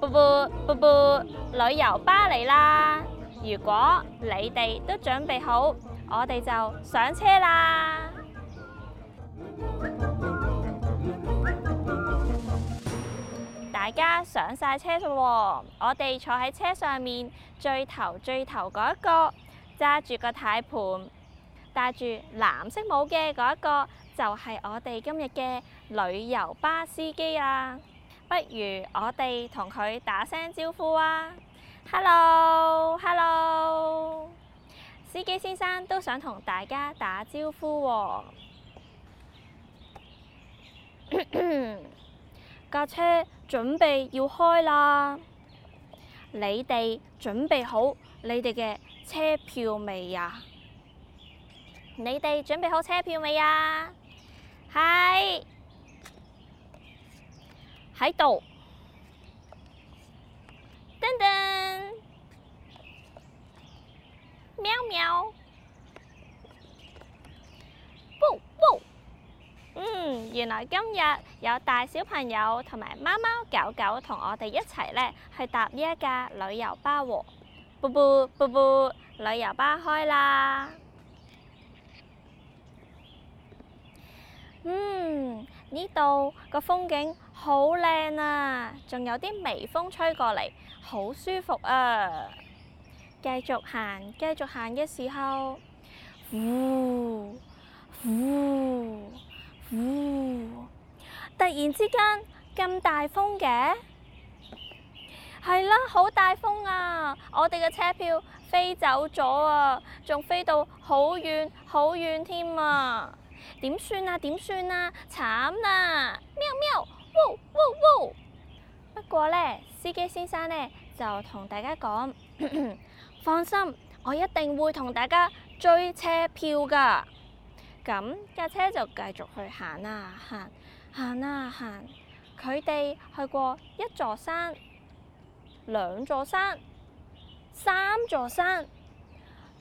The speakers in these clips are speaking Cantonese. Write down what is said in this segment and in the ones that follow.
撥撥撥撥，旅遊巴嚟啦！如果你哋都準備好，我哋就上車啦。 大家上晒車啦、哦！我哋坐喺車上面最頭最頭嗰一個揸住個軚盤，戴住藍色帽嘅嗰一個就係、是、我哋今日嘅旅遊巴司機啦。不如我哋同佢打聲招呼啊！Hello，Hello，Hello。司機先生都想同大家打招呼喎、啊。架 車準備要開啦！你哋準備好你哋嘅車票未啊？你哋準備好車票未啊？係。喺度，噔噔，喵喵，噗噗，嗯，原來今日有大小朋友同埋貓貓狗狗同我哋一齊咧，去搭呢一架旅遊巴喎，噗噗噗噗旅遊巴開啦。嗯，呢度個風景。好靚啊！仲有啲微風吹過嚟，好舒服啊！繼續行，繼續行嘅時候，呼呼呼！突然之間咁大風嘅，係啦、啊，好大風啊！我哋嘅車票飛走咗啊，仲飛到好遠好遠添啊！點算啊？點算啊？慘啊！喵喵！不過呢，司機先生呢，就同大家講咳咳，放心，我一定會同大家追車票㗎。咁架車就繼續去行啊行，行啊行，佢哋去過一座山、兩座山、三座山，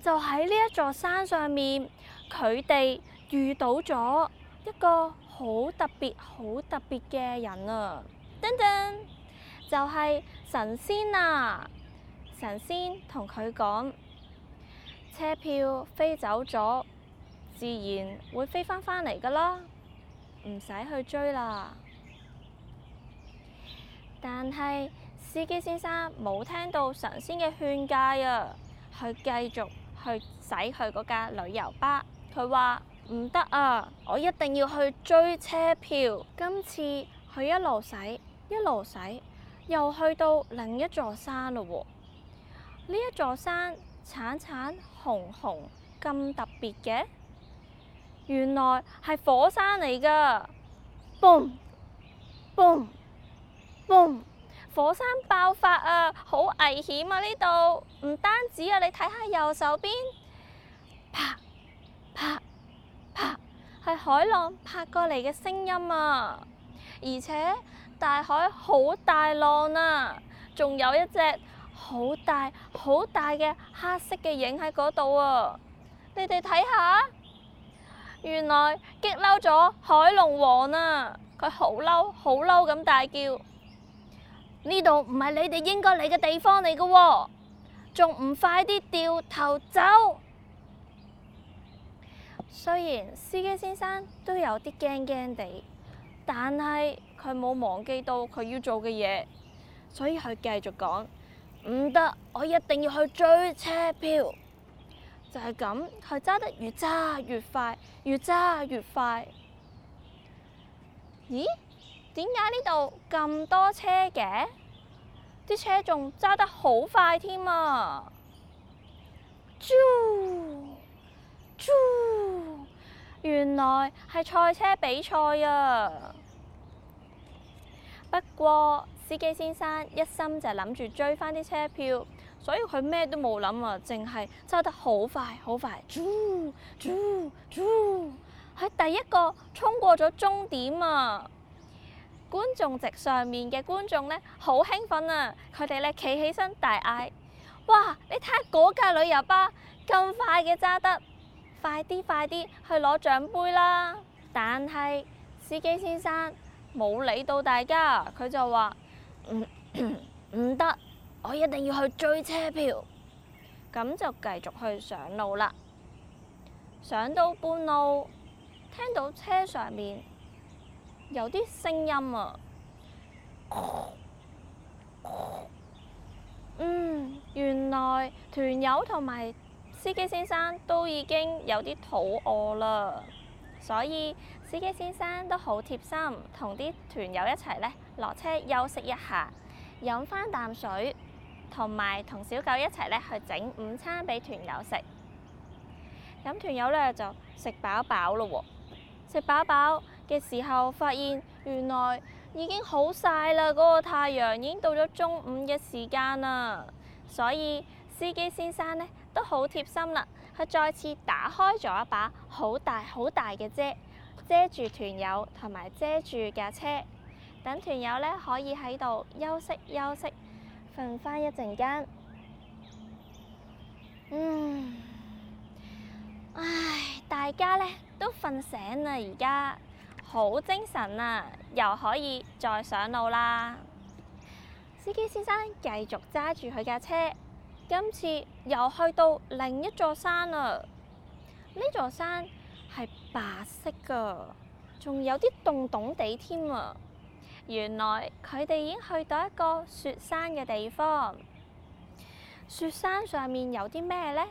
就喺呢一座山上面，佢哋遇到咗一個。好特別，好特別嘅人啊！噔噔，就係神仙啊！神仙同佢講：車票飛走咗，自然會飛返返嚟噶啦，唔使去追啦。但係司機先生冇聽到神仙嘅勸戒啊，佢繼續去駛去嗰架旅遊巴。佢話：唔得啊！我一定要去追車票。今次佢一路使一路使，又去到另一座山咯喎。呢一座山橙橙紅紅咁特別嘅，原來係火山嚟噶！嘣嘣嘣！火山爆發啊！好危險啊！呢度唔單止啊，你睇下右手邊，啪啪。係海浪拍過嚟嘅聲音啊！而且大海好大浪啊，仲有一隻好大好大嘅黑色嘅影喺嗰度啊！你哋睇下，原來激嬲咗海龍王啊！佢好嬲好嬲咁大叫：呢度唔係你哋應該嚟嘅地方嚟噶，啊，仲唔快啲掉頭走！雖然司機先生都有啲驚驚地，但係佢冇忘記到佢要做嘅嘢，所以佢繼續講：唔得，我一定要去追車票。就係咁，佢揸得越揸越快，越揸越快。咦？點解呢度咁多車嘅？啲車仲揸得好快添啊！追！追！原來係賽車比賽啊！不過司機先生一心就諗住追返啲車票，所以佢咩都冇諗啊，淨係揸得好快好快，咻佢第一個衝過咗終點啊！觀眾席上面嘅觀眾咧，好興奮啊！佢哋咧企起身大嗌：哇！你睇下嗰架旅遊巴咁快嘅揸得！快啲，快啲去攞獎杯啦！但係司機先生冇理到大家，佢就話唔得，我一定要去追車票。咁就繼續去上路啦。上到半路，聽到車上面有啲聲音啊。嗯，原來團友同埋。司機先生都已經有啲肚餓啦，所以司機先生都好貼心，同啲團友一齊咧落車休息一下，飲翻啖水，同埋同小狗一齊咧去整午餐俾團友食。咁團友咧就食飽飽咯喎，食飽飽嘅時候發現原來已經好曬啦，嗰個太陽已經到咗中午嘅時間啦，所以司機先生咧，都好貼心啦！佢再次打開咗一把好大好大嘅遮，遮住團友同埋遮住架車，等團友呢可以喺度休息休息，瞓翻一陣間。嗯，唉，大家呢都瞓醒啦，而家好精神啊，又可以再上路啦。司機先生繼續揸住佢架車。今次又去到另一座山啦。呢座山係白色噶，仲有啲凍凍地添啊。原來佢哋已經去到一個雪山嘅地方。雪山上面有啲咩呢？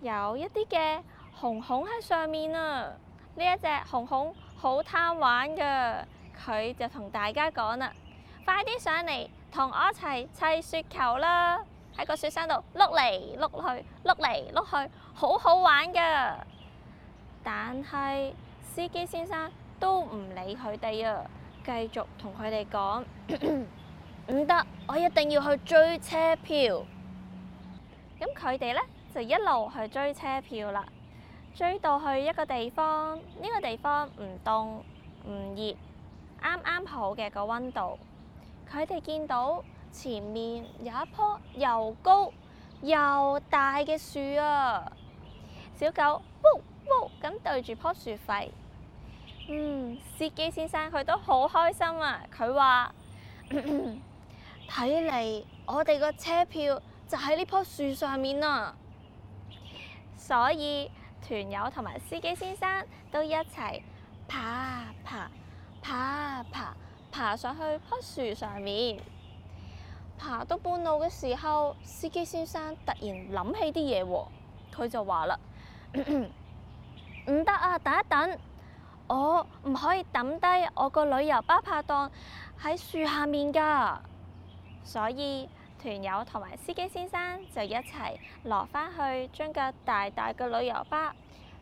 有一啲嘅熊熊喺上面啊。呢一隻熊熊好貪玩噶，佢就同大家講啦：快啲上嚟同我一齊砌雪球啦！喺個雪山度碌嚟碌去，碌嚟碌去，好好玩噶。但係司機先生都唔理佢哋啊，繼續同佢哋講唔得，我一定要去追車票。咁佢哋咧就一路去追車票啦，追到去一個地方，呢個地方唔凍唔熱，啱啱好嘅個溫度。佢哋見到。前面有一棵又高又大嘅樹啊！小狗嗚嗚咁對住棵樹吠。嗯，司機先生佢都好開心啊！佢話睇嚟我哋個車票就喺呢棵樹上面啊！所以團友同埋司機先生都一齊爬啊爬，爬啊爬，爬，爬上去棵樹上面。爬到半路嘅時候，司機先生突然諗起啲嘢，佢就話啦：唔得啊，等一等，我唔可以抌低我個旅遊巴拍檔喺樹下面噶。所以，團友同埋司機先生就一齊落返去，將個大大嘅旅遊巴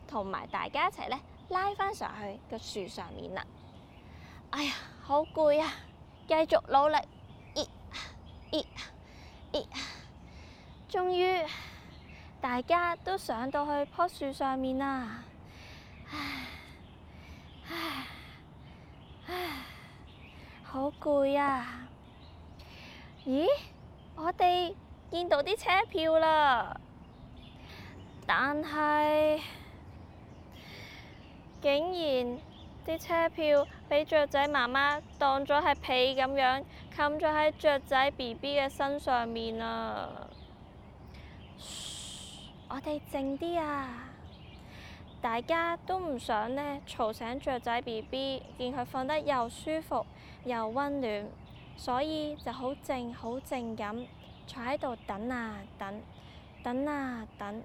同埋大家一齊咧拉返上去個樹上面啦。哎呀，好攰啊，繼續努力。咦咦、哎哎，終於大家都上到去棵樹上面啦！唉唉唉，好攰啊！咦，我哋見到啲車票啦，但係竟然。啲車票俾雀仔媽媽當咗係被咁樣冚咗喺雀仔 BB 嘅身上面啊！我哋靜啲啊！大家都唔想呢吵醒雀仔 BB，見佢瞓得又舒服又温暖，所以就好靜好靜咁坐喺度等啊等，等啊等，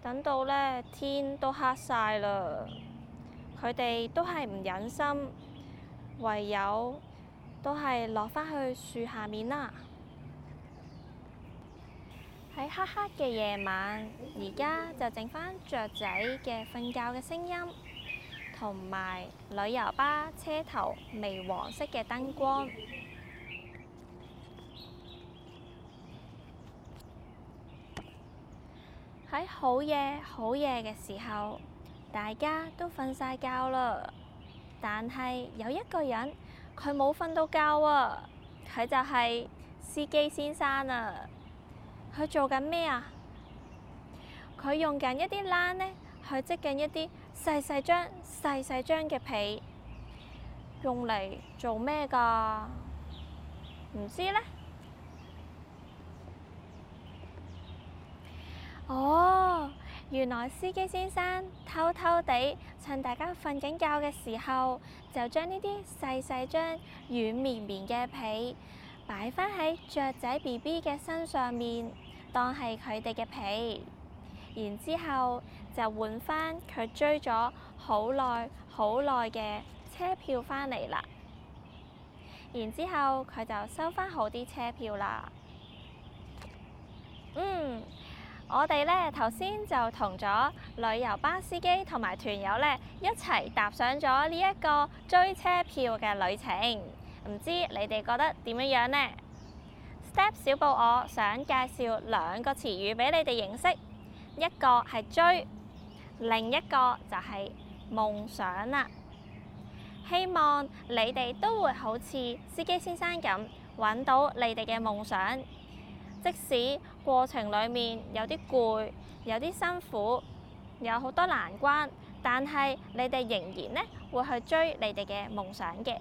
等到呢天都黑晒啦～佢哋都係唔忍心，唯有都係落返去樹下面啦。喺黑黑嘅夜晚，而家就剩返雀仔嘅瞓覺嘅聲音，同埋旅遊巴車頭微黃色嘅燈光。喺好夜好夜嘅時候。大家都瞓晒覺啦，但係有一個人佢冇瞓到覺啊！佢就係司機先生啊！佢做緊咩啊？佢用緊一啲欄呢，去織緊一啲細細張、細細張嘅被，用嚟做咩㗎？唔知呢。哦。原來司機先生偷偷地趁大家瞓緊覺嘅時候，就將呢啲細細張軟綿綿嘅被擺翻喺雀仔 BB 嘅身上面，當係佢哋嘅被。然之後就換翻佢追咗好耐好耐嘅車票返嚟啦。然之後佢就收翻好啲車票啦。我哋咧頭先就同咗旅遊巴司機同埋團友咧一齊踏上咗呢一個追車票嘅旅程，唔知你哋覺得點樣樣呢？Step 小布，我想介紹兩個詞語俾你哋認識，一個係追，另一個就係夢想啦。希望你哋都會好似司機先生咁搵到你哋嘅夢想，即使。過程裡面有啲攰，有啲辛苦，有好多難關，但係你哋仍然呢會去追你哋嘅夢想嘅。